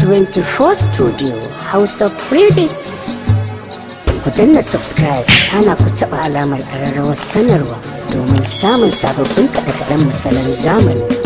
24 Studio House of Credits. Ku danna subscribe ana ku taɓa alamar ƙararrawar sanarwa domin samun sababbin kaɗe-kaɗen misalan zamani.